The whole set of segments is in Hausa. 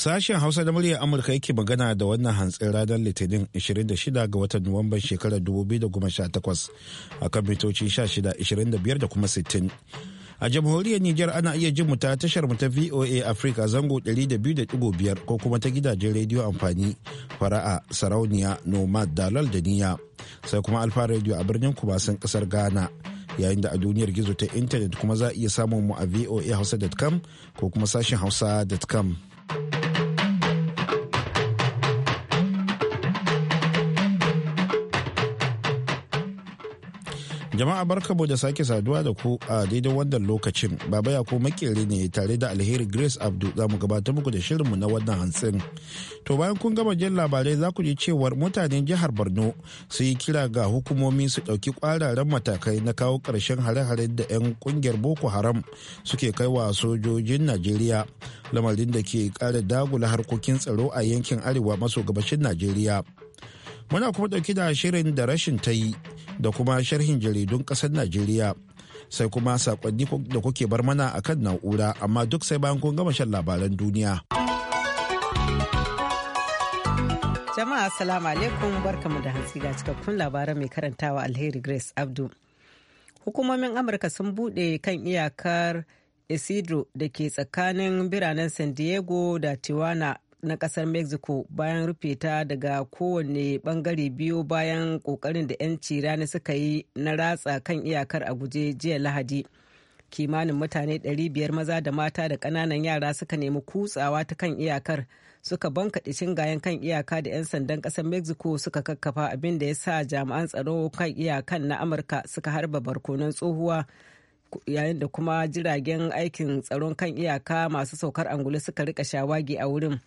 Sashen Hausa da muryar Amurka yake magana da wannan hantsin ranar Litinin 26 ga watan Nuwamban shekarar 2018 a kan mitoci 16, 25 da kuma 60. a jamhuriyar Nijar ana iya jin ta tashar mu ta VOA Africa zango 200.5 ko kuma ta gidajen rediyo amfani fara'a sarauniya nomad dalal da niya sai kuma alfa radio a birnin kubasan kasar Ghana yayin da a duniyar gizo ta intanet kuma za a iya samun mu a voahausa.com ko kuma sashen hausa.com Jama'a barkabu da sake saduwa da ku a daidai wannan lokacin. Baba ya ko makere ne tare da alheri Grace Abdu za mu gabatar muku da shirinmu na wannan hantsin. To bayan kun gama jin labarai za ku ji cewar mutanen jihar Borno su yi kira ga hukumomi su ɗauki ƙwararren matakai na kawo ƙarshen hare-hare da 'yan ƙungiyar Boko Haram suke kai wa sojojin Najeriya. Lamarin da ke ƙara dagula harkokin tsaro a yankin arewa maso gabashin Najeriya. Muna kuma ɗauki da shirin da rashin ta yi da kuma sharhin jaridun ƙasar Najeriya. Sai kuma sakonni da kuke bar mana a kan na'ura amma duk sai bayan kun gama shan labaran duniya. Jama'a Assalamu alaikum barkamu da hantsi ga cikakkun labaran mai karantawa Alheri Grace Abdu. Hukumomin Amurka sun bude kan iyakar Isidro da ke tsakanin biranen San Diego da Tijuana na kasar mexico bayan rufe ta daga kowane bangare biyu bayan kokarin da 'yanci rana suka yi na ratsa kan iyakar a guje jiya lahadi kimanin mutane 500 maza da mata da kananan yara suka nemi kutsawa ta kan iyakar suka bankaɗe shingayen kan iyaka da 'yan sandan kasar mexico suka kakkafa abin da ya sa jami'an tsaro kan iyakan na amurka suka harba barkonon tsohuwa yayin da kuma jiragen aikin tsaron kan iyaka masu saukar angulu suka rika shawagi a wurin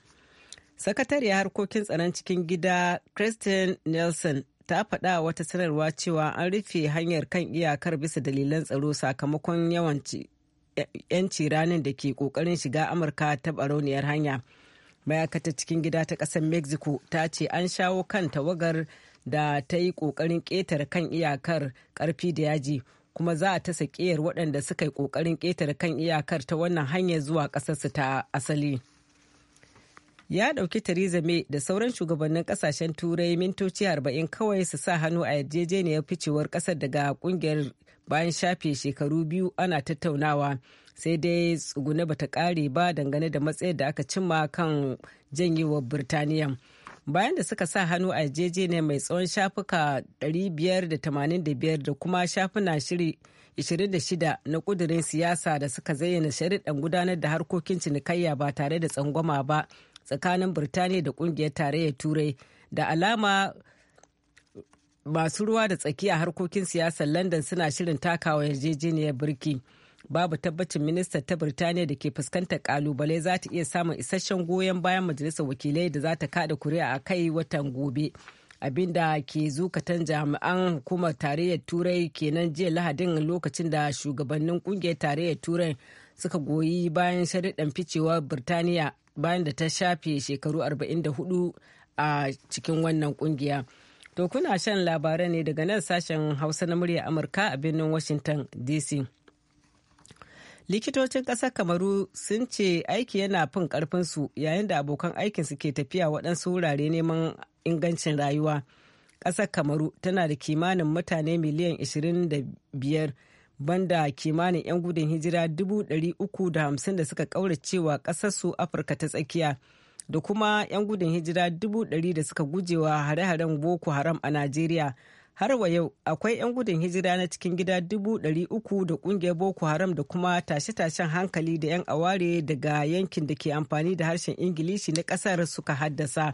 sakatariya harkokin tsaron cikin gida christine nelson ta faɗa wata sanarwa cewa an rufe hanyar kan iyakar bisa dalilan tsaro sakamakon yawanci 'yanci ranar da ke ƙoƙarin shiga amurka ta barauniyar hanya mayakata cikin gida ta ƙasar mexico ta ce an shawo kan tawagar da ta yi ƙoƙarin ƙetare kan iyakar ƙarfi da yaji kuma za a ta sakiyar waɗanda suka yi ƙoƙarin ƙetare kan iyakar ta wannan hanyar zuwa ƙasarsu ta asali. ya ɗauki Theresa May da sauran shugabannin kasashen turai mintoci 40 kawai su sa hannu a yarjejeniyar ficewar ƙasar daga ƙungiyar bayan shafe shekaru biyu ana tattaunawa sai dai tsugune bata kare ba dangane da matsayar da aka cimma kan janyewar Birtaniya. bayan da suka sa hannu a yarjejeniyar mai tsawon shafuka 585 da kuma shafuna shiri 26 na ƙudirin siyasa da suka zayyana shari'ar gudanar da harkokin cinikayya ba tare da tsangwama ba tsakanin birtaniya da kungiyar tarayyar turai da alama masu ruwa da tsaki a harkokin siyasar london suna shirin takawa yarjejeniyar birki babu tabbacin minista ta birtaniya da ke fuskantar kalubale za ta iya samun isasshen goyon bayan majalisar wakilai da za ta kada kuri'a a kai watan gobe abinda ke zukatan jami'an hukumar tarayyar turai kenan jiya lahadin lokacin da shugabannin kungiyar tarayyar turai suka goyi bayan sharaɗin ficewar birtaniya bayan da ta shafe shekaru 44 a cikin wannan ƙungiya. to kuna shan labarai ne daga nan sashen hausa na murya amurka a birnin washington dc likitocin ƙasar kamaru sun ce aiki yana fin ƙarfinsu yayin da abokan aikinsu ke tafiya waɗansu wurare neman ingancin rayuwa ƙasar kamaru tana da kimanin mutane miliyan 25 banda kimanin 'yan gudun hijira 350 da suka ƙauracewa ƙasarsu afirka ta tsakiya da kuma 'yan gudun hijira 100 da suka gujewa hare-haren boko haram a najeriya har wa yau akwai 'yan gudun hijira na cikin gida 300 da kungiyar boko haram da kuma tashe-tashen hankali da 'yan aware daga yankin da ke amfani da harshen ingilishi na kasar suka haddasa.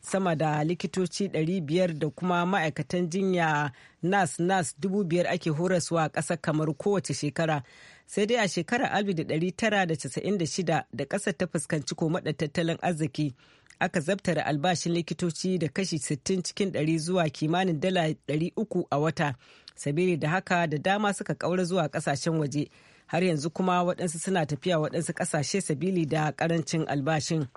sama da likitoci 500 da kuma ma'aikatan jinya nas nas 5,000 ake horaswa a ƙasa kamar kowace shekara sai dai a shekarar 1996 da ƙasar ta fuskanci komaɗa tattalin arziki aka zabtara albashin likitoci da kashi 60 cikin 100 zuwa kimanin dala 300 a wata sabili da haka da dama suka ƙaura zuwa ƙasashen waje har yanzu kuma waɗansu suna tafiya waɗansu ƙasashe sabili da ƙarancin albashin.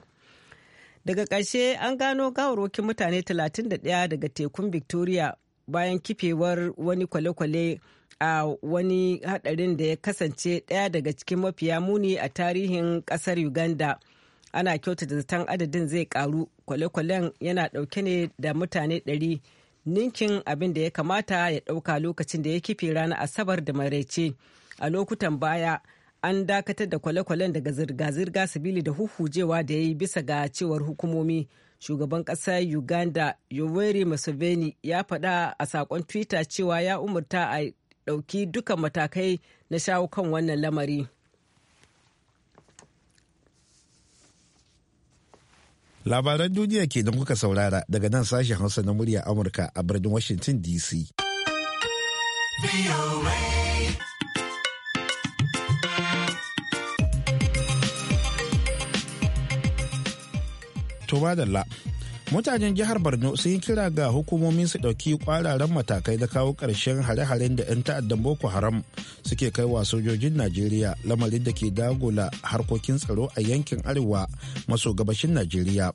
daga ƙarshe an gano gawarwakin mutane 31 daga tekun victoria bayan kifewar wani kwale-kwale a wani hadarin da ya kasance ɗaya daga cikin mafiya muni a tarihin ƙasar uganda ana kyautata zaton adadin zai ƙaru, kwale-kwalen yana ɗauke ne da mutane 100 ninkin abin da ya kamata ya ɗauka lokacin da ya kife ranar asabar da maraice a lokutan baya an dakatar da kwale-kwalen daga zirga-zirga sabili da huhujewa da ya yi bisa ga cewar hukumomi shugaban ƙasar uganda yoweri museveni ya faɗa a sakon twitter cewa ya umarta a ɗauki dukan matakai na shawo kan wannan lamari labaran duniya ke don kuka saurara daga nan sashen hausa na murya amurka a birnin washington dc to mutanen jihar borno sun yi kira ga hukumomin su ɗauki kwararan matakai da kawo ƙarshen hare-haren da 'yan ta'addan boko haram suke kai wa sojojin najeriya lamarin da ke dagula harkokin tsaro a yankin arewa maso gabashin najeriya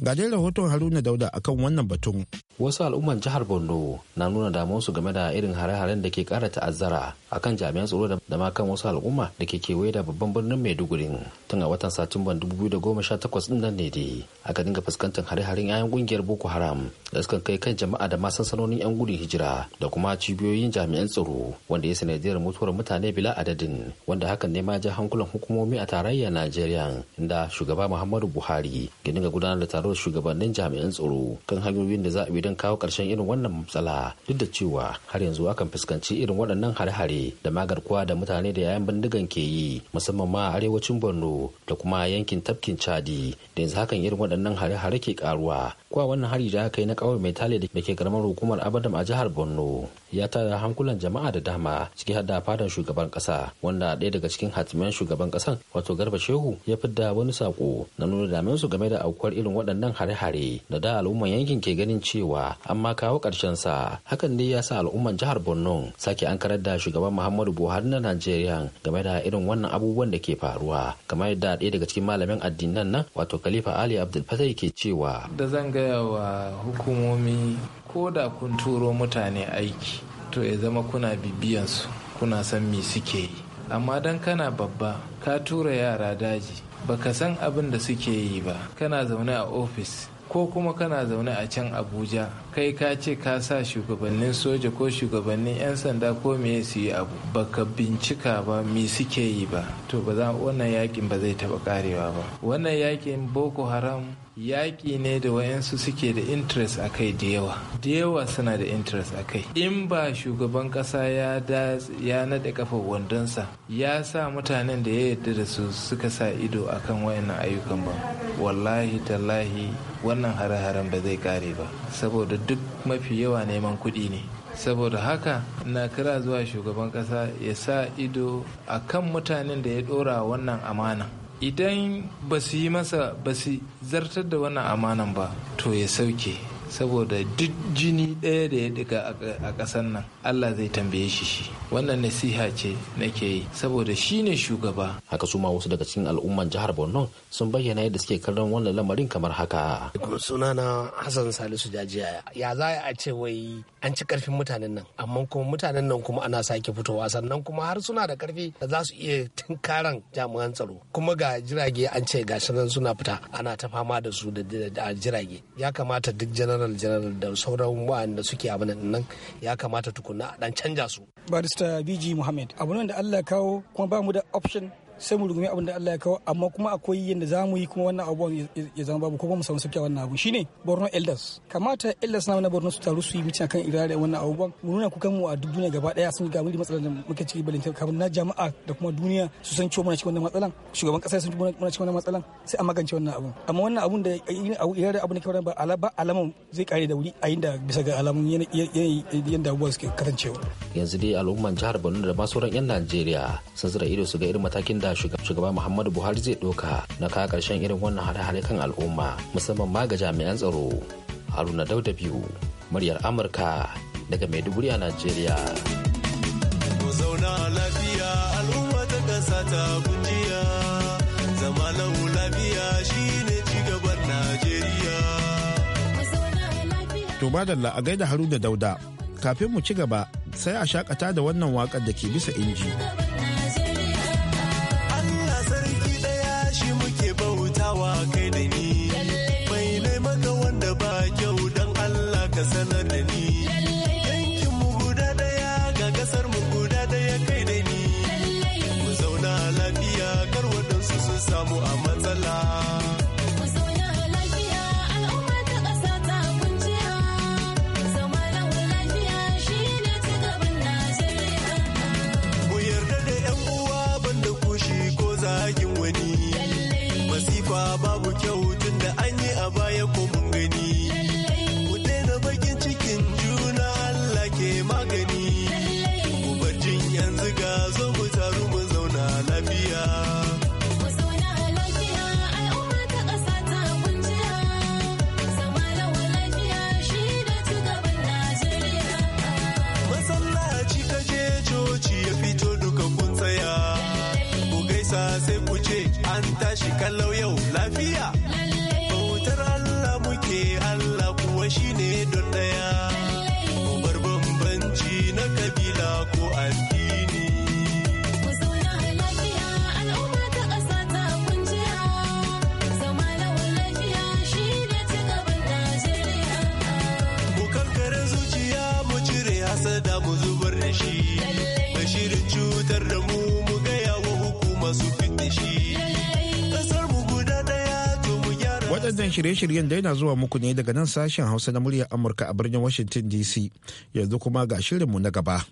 ga rahoton haruna dauda akan wannan batun wasu al'umman jihar borno na nuna damuwarsu game da irin hare-haren da ke kara ta'azzara a kan jami'an tsaro da ma kan wasu al'umma da ke kewaye da babban birnin maiduguri tun a watan satumban takwas din nan ne dai aka dinga fuskantar hare-haren 'ya'yan kungiyar boko haram da suka kai kan jama'a da ma sansanonin 'yan gudun hijira da kuma cibiyoyin jami'an tsaro wanda ya sanadiyar mutuwar mutane bila adadin wanda hakan ne ma ja hankulan hukumomi a tarayyar najeriya inda shugaba muhammadu buhari ya dinga gudanar da taron shugabannin jami'an tsaro kan hanyoyin da za a bi wajen kawo ƙarshen irin wannan matsala duk da cewa har yanzu akan fuskanci irin waɗannan hare-hare da magarkuwa da mutane da yayan bindigan ke yi musamman ma a arewacin borno da kuma yankin tafkin chadi da yanzu hakan irin waɗannan hare-hare ke karuwa kuwa wannan hari da aka yi na ƙauye mai tale da ke karamar hukumar abadam a jihar borno ya tara hankulan jama'a da dama ciki har da fadar shugaban kasa wanda ɗaya daga cikin hatiman shugaban kasan wato garba shehu ya fidda wani sako na nuna damin su game da aukuwar irin waɗannan hare-hare da da al'umman yankin ke ganin cewa an ma kawo ƙarshen sa hakan ne ya sa al'umman jihar borno sake an karar da shugaban muhammadu buhari na najeriya game da irin wannan abubuwan da ke faruwa kamar yadda ɗaya daga cikin malamin addinan nan wato khalifa ali abdul ke cewa da zan gaya wa hukumomi ko da kun turo mutane aiki to ya zama kuna bibiyansu kuna san me suke yi amma don kana babba ka tura yara daji baka san abin da suke yi ba kana zaune a ofis ko kuma kana zaune a can abuja kai ka ce ka sa shugabannin soja ko shugabannin 'yan sanda ko me su yi abu baka bincika ba me suke yi ba to ba za wannan yakin ba zai taba karewa ba wannan yakin boko haram yaƙi ne da wayansu suke da interest a kai da yawa da yawa suna da interest a kai in ba shugaban ƙasa ya naɗe kafa wandonsa ya sa mutanen da ya yarda da su suka sa ido akan wayannan ayyukan ba wallahi tallahi wannan hare-haren ba zai kare ba saboda duk mafi yawa neman kuɗi ne saboda haka na kira zuwa shugaban ƙasa ya sa ido akan mutanen da ya ɗora wannan amana idan ba su yi masa ba su zartar da wannan amanan ba to ya sauke saboda duk jini ɗaya da ya diga a ƙasar nan Allah zai tambaye shi shi wannan nasiha ce nake yi saboda shi ne shugaba haka suma wasu daga cikin al'umman jihar Borno sun bayyana yadda suke kallon wannan lamarin kamar haka sunana Hassan Salisu Jajiya ya za a ce wai an ci karfin mutanen nan amma kuma mutanen nan kuma ana sake fitowa sannan kuma har suna da karfi da za su iya tunkaran jami'an tsaro kuma ga jirage an ce ga nan suna fita ana ta fama da su da jirage ya kamata duk janar general general da sauran wa'anda suke abin nan ya kamata tukuna a dan canja su barista bg muhammad abu da allah kawo kuma ba mu da option sai mu rugumi abin da Allah ya kawo amma kuma akwai yadda za mu yi kuma wannan abubuwan ya zama babu kuma mu samu sauki wannan abu shine Borno elders kamata elders na Borno su taru su yi mitin kan irare wannan abubuwan mu nuna kukan mu a duk duniya gaba daya sun ga mun matsalar da muke ciki balinta kamar na jama'a da kuma duniya su san cewa muna cikin wannan matsalan shugaban kasa sun muna cikin wannan matsalan sai a magance wannan abu amma wannan abun da irare abu ne kawai ba alaba alaman zai kare da wuri a yinda bisa ga alamun yanayin da abubuwa suke kasancewa yanzu dai al'umman jihar Borno da ma sauran 'yan Najeriya sun zira ido su ga irin matakin da da shugaba muhammadu buhari zai ɗauka na kaya karshen irin wannan hare-hare kan al'umma musamman ma ga jami'an tsaro haruna dauda biyu muryar amurka daga maiduguri a najeriya zauna lafiya al'umma ta kasa ta shine najeriya to madalla a gaida haruna dauda kafin mu ci gaba sai a shakata da wannan wakar da ke bisa inji. kai da ni mai maka wanda ba kyau don Allah ka sanar da ni yankin mu guda daya ga kasar mu guda daya kai da ni mu zauna lafiya kar waɗansu sun samu amana shirye-shiryen yana zuwa muku ne daga nan sashen Hausa na muryar Amurka a birnin Washington DC. Yanzu kuma ga shirinmu na gaba.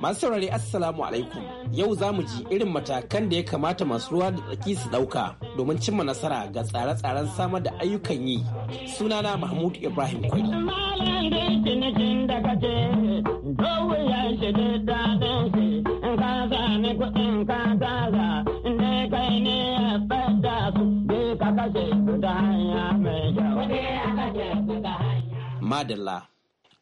Masu saurari Assalamu alaikum. Yau za mu ji irin matakan da ya kamata masu ruwa da tsaki su ɗauka domin cimma nasara ga tsare-tsaren samar da ayyukan yi. Sunana Mahmud Ibrahim Kwari. Madalla.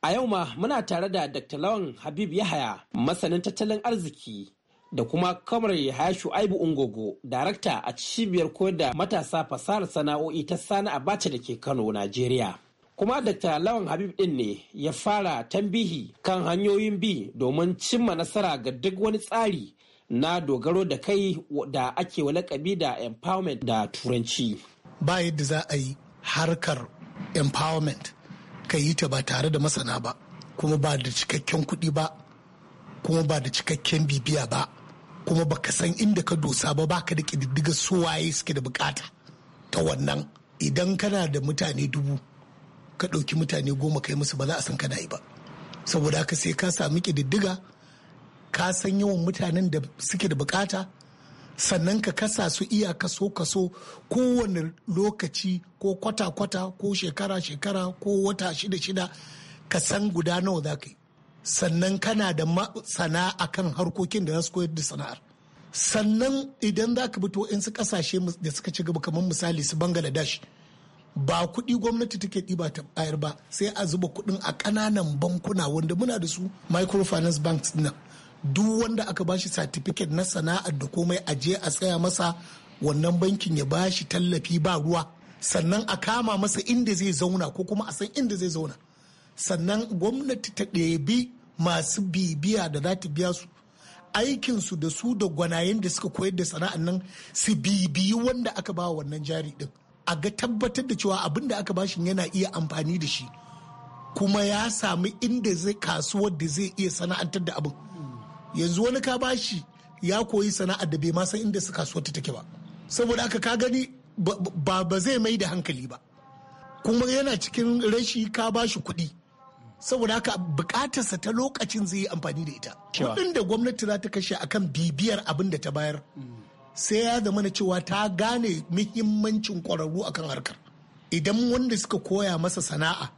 A yau ma muna tare da Dr. Lawan Habib Yahaya, masanin tattalin arziki da kuma kamar Yahaya Shu'aibu Ungogo, darakta a cibiyar koyar da matasa fasahar sana'o'i ta Sani Abacha da ke Kano, Najeriya. Kuma Dr. Lawan Habib din ne ya fara tambihi kan hanyoyin bi domin cimma nasara ga duk wani tsari na dogaro da kai da ake lakabi da empowerment da turanci. Ba yadda za a yi harkar empowerment ka yi ta ba tare da masana ba kuma ba da cikakken kuɗi ba kuma ba da cikakken bibiya ba kuma ba ka san inda ka dosa ba ka da ƙididdiga suwaye suke da bukata ta wannan idan kana da mutane dubu ka ɗauki mutane goma kai musu ba za a san kana yi ba saboda haka sai ka sami ƙididdiga ka san yawan mutanen da suke da bukata sannan ka kasa su iya kaso kaso kowane lokaci ko kwata kwata ko shekara shekara ko wata shida shida ka san guda nawa za ka yi sannan kana da a kan harkokin da za su koyar da sana'ar sannan idan za ka fito in su kasashe da suka ci gaba kamar misali su bangladesh ba kuɗi gwamnati take ɗiba ta bayar ba sai a zuba kuɗin a ƙananan bankuna wanda muna da su microfinance banks nan duk wanda aka bashi satifiket na sana'ar da komai a je a tsaya masa wannan bankin ya bashi tallafi ba ruwa sannan a kama masa inda zai zauna ko kuma a san inda zai zauna sannan gwamnati ta ɗebi masu bibiya da za ta biya su aikinsu da su da gwanayen da suka koyar da sana'ar nan su bibiyi wanda aka ba wannan jari din a ga tabbatar da cewa abin da aka bashi yana iya amfani da shi kuma ya sami inda zai kasuwar da zai iya sana'antar da abin yanzu wani ka bashi ya koyi sana'ar da bai ma san inda kasuwar ta take ba saboda aka ka gani ba ba zai mai da hankali ba kuma yana cikin rashi ka bashi kuɗi saboda haka bukatarsa ta lokacin zai yi amfani da ita kuɗin da gwamnati za ta kashe akan bibiyar abin da ta bayar sai ya zama na cewa ta gane muhimmancin ƙwararru akan harkar idan wanda suka koya masa sana'a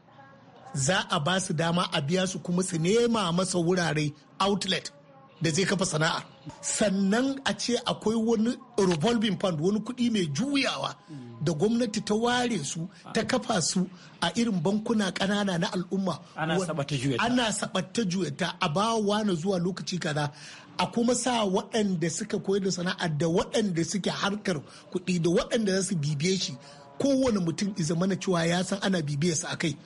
za a ba su dama a biya su kuma su nema masa wurare outlet da zai kafa sana'a sannan a ce akwai wani revolving fund wani kuɗi mai juyawa da gwamnati ta ware su ta kafa su a irin bankuna ƙanana na al'umma ana sabatta juyata a bawa na zuwa lokaci kaza a kuma sa waɗanda suka koyar da sana'a da waɗanda suke harkar kuɗi da waɗanda za su bibiye shi kowane mutum iza mana cewa ya san ana bibiyarsa a kai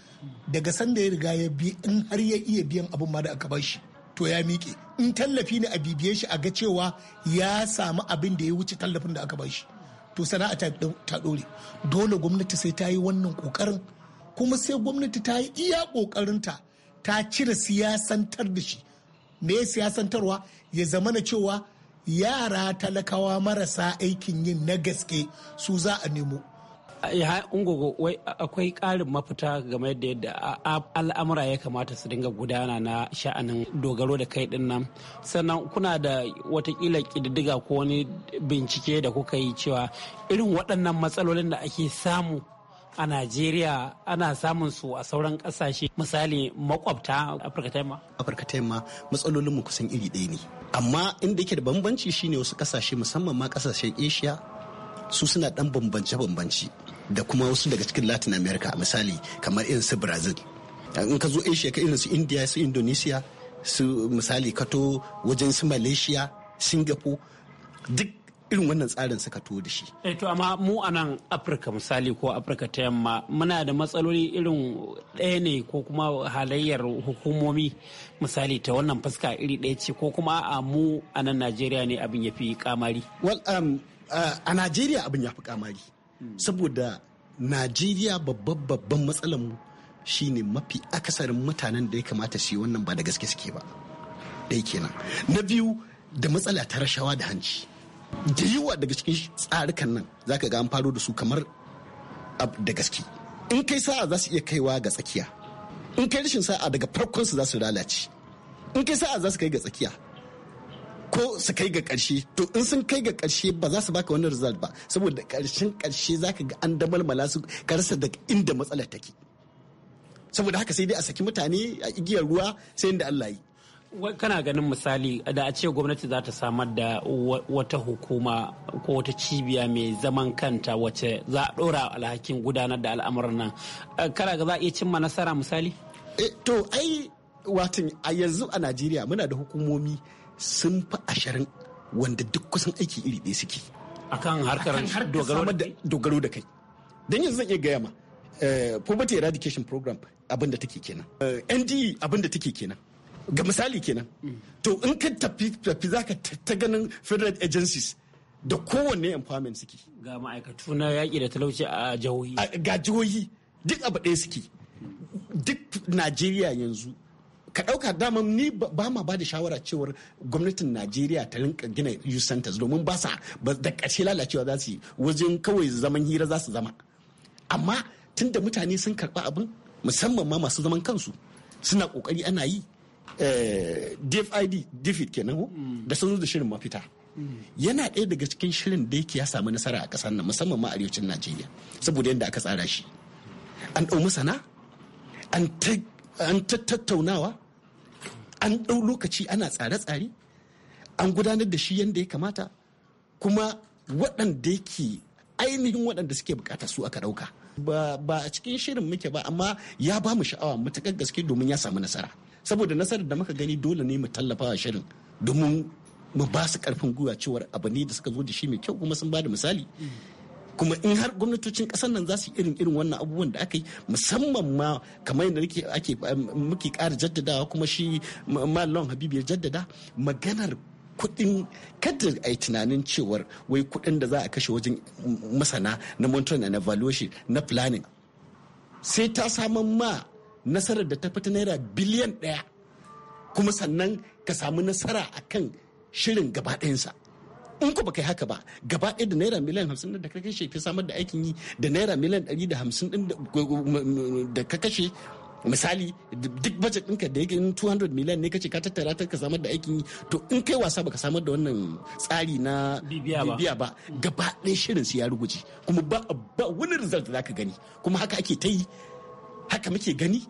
daga sanda ya riga ya bi in har ya iya biyan abin ma da aka bashi. shi to ya miƙe in tallafi ne a bibiye shi a ga cewa ya samu abin da ya wuce tallafin da aka ba shi to sana'a ta ɗore dole gwamnati sai ta yi wannan ƙoƙarin kuma sai gwamnati ta yi iya ƙoƙarinta ta cire siyasantar da shi me siyasantarwa ya zama na cewa yara talakawa marasa aikin yin na gaske su za a nemo ungogo wai akwai ƙarin mafita game da yadda al'amura ya kamata su dinga gudana na sha'anin dogaro da kai din nan sannan kuna da watakila ƙididdiga ko wani bincike da kuka yi cewa irin waɗannan matsalolin da ake samu a Najeriya ana samun su a sauran ƙasashe misali makwabta Afirka ta Afirka ta matsalolin kusan iri ɗaya ne. Amma inda yake da bambanci shine wasu ƙasashe musamman ma ƙasashen Asia su suna ɗan bambance bambance da kuma wasu daga cikin latin america misali kamar irin su brazil in ka zo asia ka irin su india su indonesia su misali kato wajen su malaysia singapore duk irin wannan tsarin suka to da shi. Eh to amma mu a nan Afirka misali ko Afirka ta yamma muna da matsaloli irin ɗaya ne ko kuma halayyar hukumomi misali ta wannan fuska iri ɗaya ce ko kuma a mu a nan Najeriya ne abin ya fi kamari. Um, uh, a Najeriya abin ya fi kamari. saboda najeriya babban babban matsalar mu shine mafi akasarin mutanen da ya kamata su wannan ba da gaske suke ba yake kenan na biyu da matsala ta rashawa da hanci da daga cikin tsarukan nan za ka ga an faro da su kamar da gaske in kai sa'a za su iya kaiwa ga tsakiya in kai rashin sa'a daga farkon su za su lalace in kai sa'a za su kai ga tsakiya ko su kai ga ƙarshe to in sun kai ga ƙarshe ba za su baka wani result ba saboda ƙarshen ƙarshe ka ga an damalmala su ka rasa daga inda matsalar take saboda haka sai dai a saki mutane a igiyar ruwa sai inda Allah yi kana ganin misali da a ce gwamnati za ta samar da wata hukuma ko wata cibiya mai zaman kanta wacce za a ɗora alhakin gudanar da al'amuran nan eh, kana ga za a iya cimma nasara misali eh, to ai watin a yanzu a najeriya muna da hukumomi sun fi ashirin wanda duk kusan aiki iri ɗaya suke akan harkar dogaro da kai don yanzu zan iya gaya ma eh, poverty eradication program abin da take kenan eh, nde abin da take kenan ga misali kenan to in ka tafi tafi zaka ta ganin federal agencies da kowanne empowerment suke ga ma'aikatu na yaƙi da talauci a jihohi ga jihohi duk abu ɗaya suke duk najeriya yanzu ka ɗauka dama ni ba ma ba da shawara cewar gwamnatin najeriya ta rinka gina youth centers domin ba sa da ƙarshe lalacewa za su yi wajen kawai zaman hira za su zama amma tunda mutane sun karɓa abin musamman ma masu zaman kansu suna ƙoƙari ana yi eh, dfid dfid kenan mm. da sun da shirin mafita mm. yana ɗaya daga cikin shirin da yake ya samu nasara a ƙasar nan musamman ma arewacin najeriya saboda yadda aka tsara shi an ɗau masana an tattaunawa an ɗau lokaci ana tsare-tsare an gudanar da shi yadda ya kamata kuma waɗanda yake ainihin waɗanda suke bukata su aka ɗauka ba a cikin shirin muke ba amma ya ba mu sha'awa matakar gaske domin ya samu nasara saboda nasarar da muka gani dole ne mu tallafa wa shirin domin mu ba su karfin gwiwa cewar abu ne da suka zo da shi mai kyau kuma sun ba da misali kuma in har gwamnatocin kasar nan za su irin irin wannan abubuwan da aka yi musamman ma kamar yadda nake ake um, muke ƙara jaddadawa kuma shi malon habibu ya jaddada maganar kudin kada a yi tunanin cewar wai kuɗin da za a kashe wajen masana na monitoring and evaluation na planning sai ta saman ma nasarar da ta fita naira biliyan ɗaya. kuma sannan ka samu nasara akan shirin gabaɗayansa. in ko baka haka ba gaba ɗaya da naira miliyan hamsin da ka kashe ka samar da aikin yi da naira miliyan ɗari da hamsin ɗin da ka kashe misali duk budget ɗinka da yake 200 miliyan ne kace ka tattara ta ka samar da aikin yi to in kai wasa baka samar da wannan tsari na bibiya ba gaba ɗaya shirin su ya ruguje kuma ba wani result da ka gani kuma haka ake ta yi haka muke gani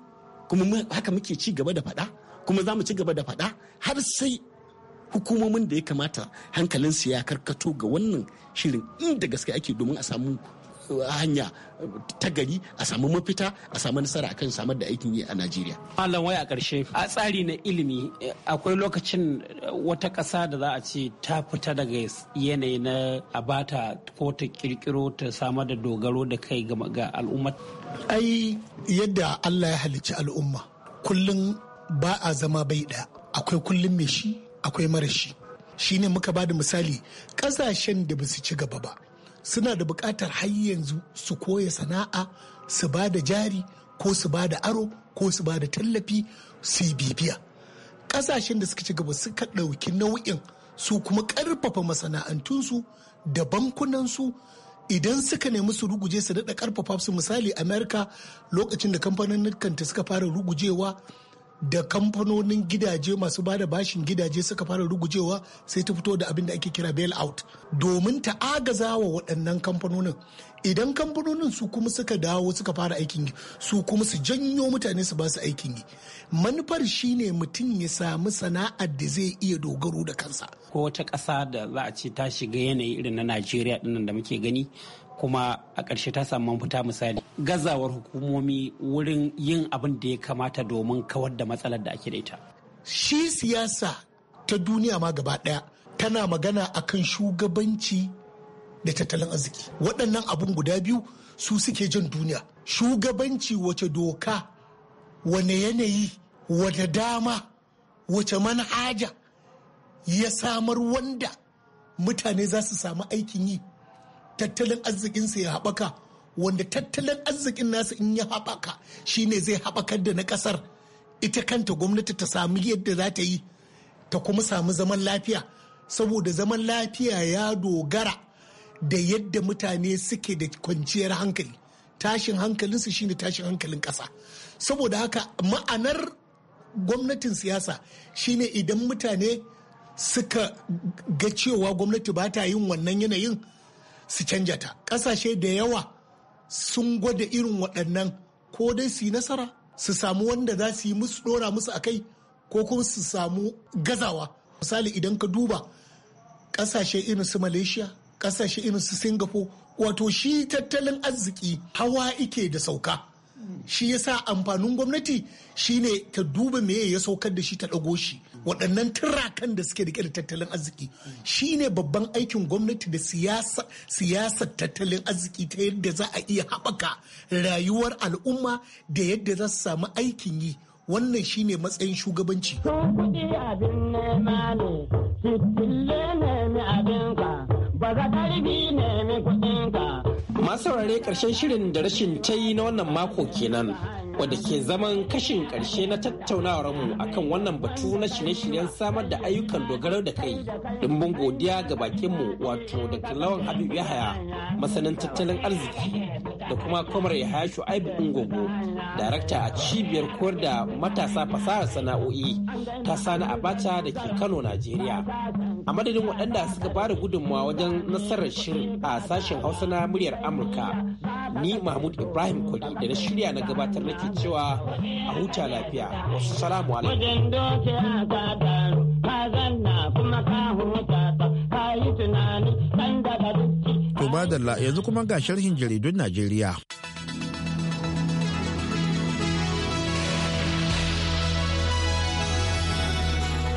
kuma haka muke ci gaba da faɗa kuma za mu ci gaba da faɗa har sai hukumomin da ya kamata hankalin su ya karkato ga wannan shirin inda gaske ake domin a samu uh, hanya uh, ta gari a samu mafita a samu nasara akan samar da aikin yi a Najeriya. Malam wai a ƙarshe a tsari na ilimi akwai lokacin uh, wata ƙasa da za a ce ta fita daga yanayi na abata ko ta kirkiro ta samar da dogaro da kai ga al'umma. Ai yadda Allah ya halicci al'umma kullum ba a zama bai ɗaya akwai kullum mai shi akwai mara shi ne muka ba da misali kasashen da ba su ci gaba ba suna da buƙatar har yanzu su koya sana'a su ba da jari ko su ba da aro ko su ba da tallafi su yi bibiya ƙasashen da suka ci gaba suka ɗauki nau'in su kuma ƙarfafa masana'antunsu da bankunansu idan suka nemi su ruguje su daɗa ƙarfafa su misali amerika lokacin da kamfanin suka fara rugujewa da kamfanonin gidaje masu ba da bashin gidaje suka fara rugujewa sai ta fito da abin da ake kira bail out domin ta agaza wa waɗannan kamfanonin idan kamfanonin su kuma suka dawo suka fara aikin yi su kuma su janyo mutane su ba su aikin yi manufar shine mutum ya samu sana'ar da zai iya dogaro da kansa ko wata ƙasa da za a ce ta shiga yanayi irin na najeriya dinnan da muke gani kuma a ƙarshe ta samu mafita misali gazawar hukumomi wurin yin abin da ya kamata domin kawar da matsalar da ake da ita. Shi siyasa ta duniya ma gaba ɗaya tana magana akan shugabanci da tattalin arziki. Waɗannan abin guda biyu su suke jan duniya. Shugabanci wace doka, wane yanayi, wane dama, wace manhaja ya samar wanda mutane za su samu aikin yi tattalin arzikinsa ya haɓaka wanda tattalin arzikin nasu in ya haɓaka shine zai haɓakar da na ƙasar ita kanta gwamnati ta sami yadda za ta yi ta kuma samu zaman lafiya saboda zaman lafiya ya dogara da yadda mutane suke da kwanciyar hankali tashin hankalinsu shine tashin hankalin ƙasa saboda haka ma'anar gwamnatin siyasa shine idan mutane suka ga cewa gwamnati ba ta yin wannan yanayin su canja ta ƙasashe da yawa sun gwada irin waɗannan ko dai su yi nasara su samu wanda za su yi musu ɗora musu a kai ko kuma su samu gazawa misali idan ka duba ƙasashe irin su malaysia ƙasashe irin su singapore wato shi tattalin arziki hawa ike da sauka shi yasa amfanin gwamnati shine ta duba me ya saukar da shi ta ɗago shi waɗannan turakan da suke rike da tattalin arziki shine babban aikin gwamnati da siyasar tattalin arziki ta yadda za a iya haɓaka rayuwar al'umma da yadda za su samu aikin yi wannan shine matsayin shugabanci masu saurare ƙarshen shirin da rashin ta yi na wannan mako kenan wadda ke zaman kashin karshe na tattaunawar mu akan wannan batu na shirye-shiryen samar da ayyukan dogaro da kai dimbin godiya ga bakin mu wato da lawan habib yahaya masanin tattalin arziki da kuma kwamar yahaya shu'aibu ungogo darakta a cibiyar koyar da matasa fasahar sana'o'i ta sani abacha da ke kano najeriya a madadin waɗanda suka ba da gudunmawa wajen nasarar shirin a sashen hausa na muryar amurka ni mahmud ibrahim kwali da na shirya na gabatar nake cewa a huta lafiya wasu salamu alaikum to madalla yanzu kuma ga sharhin jaridun najeriya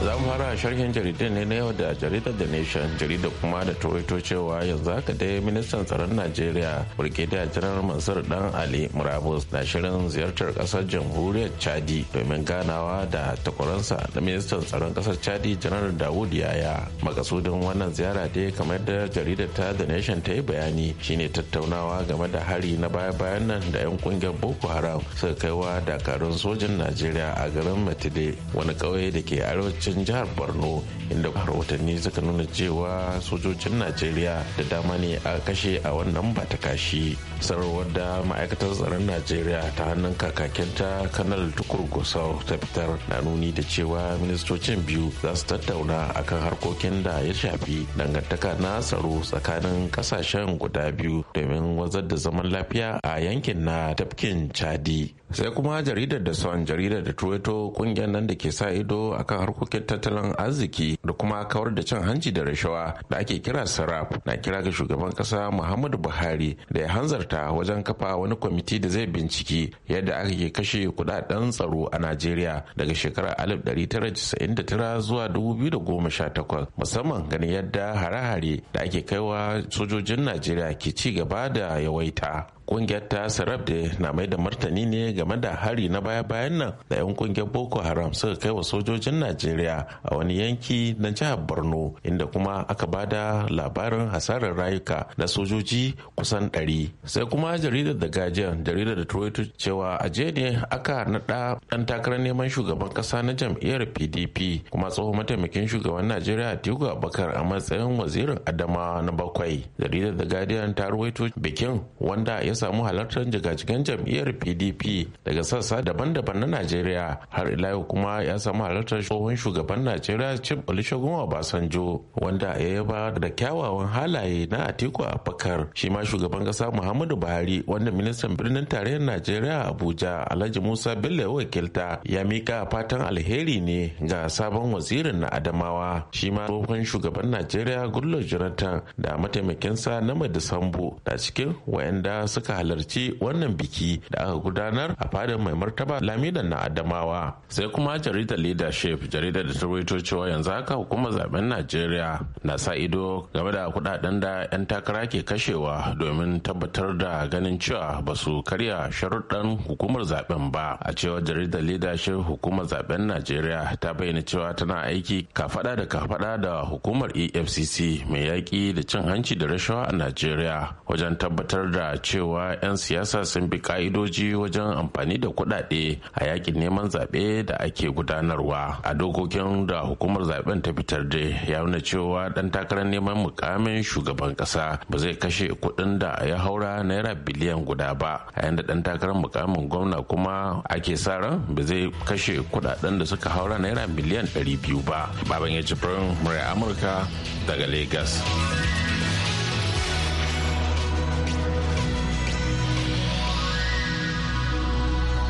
za mu fara sharhin jaridar ne na yau da jaridar da nation jaridar kuma da turaito cewa yanzu haka dai ministan tsaron najeriya brigadier general mansur dan ali murabus na shirin ziyartar kasar jamhuriyar chadi domin ganawa da takwaransa na ministan tsaron kasar chadi janar dawud yaya makasudin wannan ziyara dai kamar da jaridar ta the nation ta yi bayani shine tattaunawa game da hari na baya-bayan nan da 'yan kungiyar boko haram suka kaiwa dakarun sojin najeriya a garin matide wani kauye da ke arewacin sojojin jihar borno inda rahotanni suka nuna cewa sojojin najeriya da dama ne a kashe a wannan ba ta kashi sanarwar da ma'aikatar tsaron najeriya ta hannun kakakinta kanal tukur gusau ta fitar na nuni da cewa ministocin biyu za su tattauna akan harkokin da ya shafi dangantaka na tsaro tsakanin kasashen guda biyu domin wazar da zaman lafiya a yankin na tafkin chadi sai kuma jaridar da son jaridar da tuwaito kungiyar nan da ke sa ido akan harkokin tattalin arziki da kuma kawar da cin hanci da rashawa da ake kira sarraf na kira ga shugaban kasa muhammadu buhari da ya hanzarta wajen kafa wani kwamiti da zai binciki yadda aka ke kashe kudaden tsaro a najeriya daga shekarar 1999 zuwa 2018 musamman ganin yadda hare-hare da ake kaiwa sojojin najeriya ke ci gaba da yawaita kungiyar ta sarab da na mai da martani ne game da hari na baya-bayan nan da 'yan kungiyar boko haram suka kai wa sojojin najeriya a wani yanki na jihar borno inda kuma aka ba da labarin hasarar rayuka na sojoji kusan 100 sai kuma jaridar da gajiyar jaridar da turai cewa a ne aka naɗa ɗan takarar neman shugaban kasa na jam'iyyar pdp kuma tsohon mataimakin shugaban najeriya atiku abubakar a matsayin wazirin adama na bakwai jaridar da gajiyar ta ruwaito bikin wanda ya samu halartar jigajigan jam'iyyar pdp daga sassa daban-daban na najeriya har ila yau kuma ya samu halartar tsohon shugaban najeriya cin olusegun obasanjo wanda ya yaba da kyawawan halaye na atiku abubakar shi ma shugaban kasa muhammadu buhari wanda ministan birnin tarayyar najeriya abuja alhaji musa bello ya wakilta ya mika fatan alheri ne ga sabon wazirin na adamawa shi ma tsohon shugaban najeriya gullo jonathan da mataimakinsa na madisambu da cikin wayanda suka suka halarci wannan biki da aka gudanar a fadar mai martaba lamidan na adamawa sai kuma jaridar leadership jaridar da ta rubuto cewa yanzu haka hukumar zaben najeriya na sa ido game da kudaden da 'yan takara ke kashewa domin tabbatar da ganin cewa ba su karya sharuɗan hukumar zaben ba a cewa jaridar leadership hukumar zaben najeriya ta bayyana cewa tana aiki kafada da kafada da hukumar efcc mai yaƙi da cin hanci da rashawa a najeriya wajen tabbatar da cewa cewa 'yan siyasa sun bi ka'idoji wajen amfani da kuɗaɗe a yakin neman zaɓe da ake gudanarwa a dokokin da hukumar zaben ta fitar da ya nuna cewa ɗan takarar neman mukamin shugaban ƙasa ba zai kashe kuɗin da ya haura naira biliyan guda ba a yanda ɗan takarar mukamin gwamna kuma ake sa ran ba zai kashe kuɗaɗen da suka haura naira miliyan ɗari biyu ba baban ya jibrin murai amurka daga lagos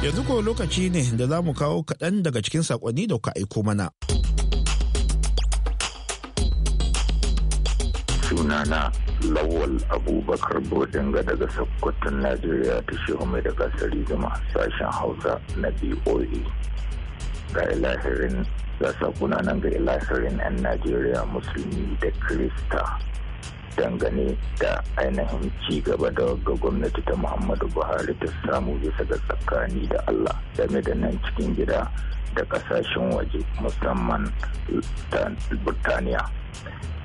Yanzu ko lokaci ne da za mu kawo kaɗan daga cikin saƙonni da kuka aiko mana. Sunana Lawal Abubakar Bodinga daga Sokoton Najeriya ta shehu mai da gasar rigima sashen Hausa na BOE. Ga ilahirin ga sakuna nan ga ilahirin 'yan Najeriya Musulmi da Kirista dangane da ainihin ci gaba da ga gwamnati ta muhammadu buhari ta samu bisa ga tsakani da allah game da nan cikin gida da kasashen waje musamman burtaniya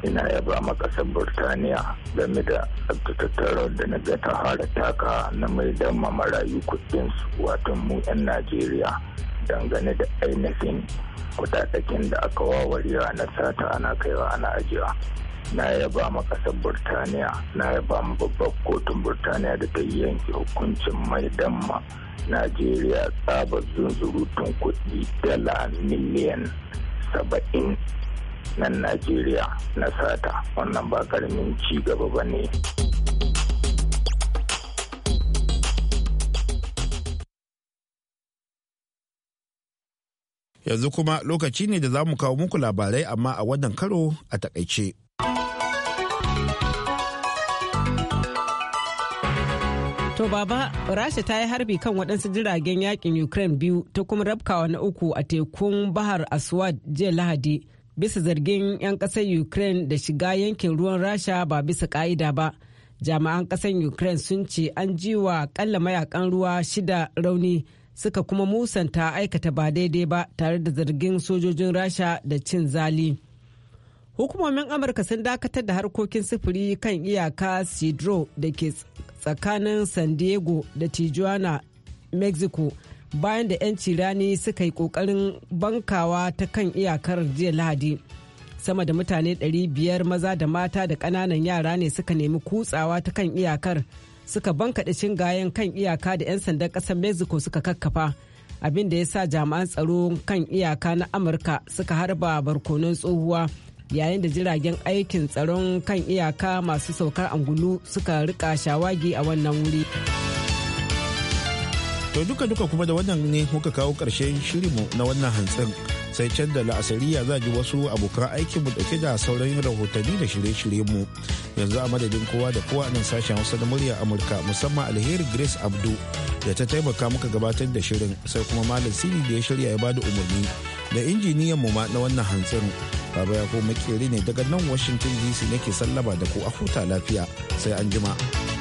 ina yaba ma kasar burtaniya game da tsabtattattarar da na ga ta hara taka na mai dama marayu su wato mu 'yan najeriya dangane da ainihin kudadakin da aka yawa na sata ana kaiwa ana ajiyewa na yaba ma kasar burtaniya na yaba ma babbar kotun burtaniya da ta yanke hukuncin mai damma najeriya tsabar zunzurutun kuɗi dala miliyan saba'in nan najeriya na sata wannan ba karamin ci gaba ba ne yanzu kuma lokaci ne da za mu kawo muku labarai amma a wannan karo a takaice. baba rasha ta yi harbi kan waɗansu jiragen yakin ukraine biyu ta kuma rabkawa na uku a tekun bahar aswad jiya lahadi bisa zargin 'yan ƙasar ukraine da shiga yankin ruwan rasha ba bisa ka'ida ba jami'an ƙasar ukraine sun ce an ji wa ƙalla mayakan ruwa shida rauni suka kuma musanta aikata ba daidai ba tare da zargin sojojin rasha da cin zali hukumomin amurka sun dakatar da harkokin sufuri kan iyaka sidro da ke tsakanin san diego da tijuana mexico bayan da yan cirani suka yi kokarin bankawa ta kan iyakar jiya lahadi sama da mutane 500 maza da mata da kananan yara ne suka nemi kutsawa ta kan iyakar suka bankaɗa shingayen kan iyaka da 'yan sandan ƙasar mexico suka kakkafa abinda da ya sa jami'an tsaro kan iyaka na amurka suka harba barkonon tsohuwa yayin da jiragen aikin tsaron kan iyaka masu saukar angulu suka rika shawagi a wannan wuri. To duka-duka kuma da wannan ne muka kawo ƙarshen shirinmu na wannan hantsin sai can da la'asariya za ji wasu abokan aikin mu dauke da sauran rahotanni da shirye-shirye mu yanzu a madadin kowa da kowa nan sashen hausa da murya amurka musamman alheri grace abdu da ta taimaka muka gabatar da shirin sai kuma malam sini da ya shirya ya bada umarni da injiniyan mu ma na wannan hantsin baba ya ko makeri ne daga nan washington dc nake sallaba da ku a huta lafiya sai an jima.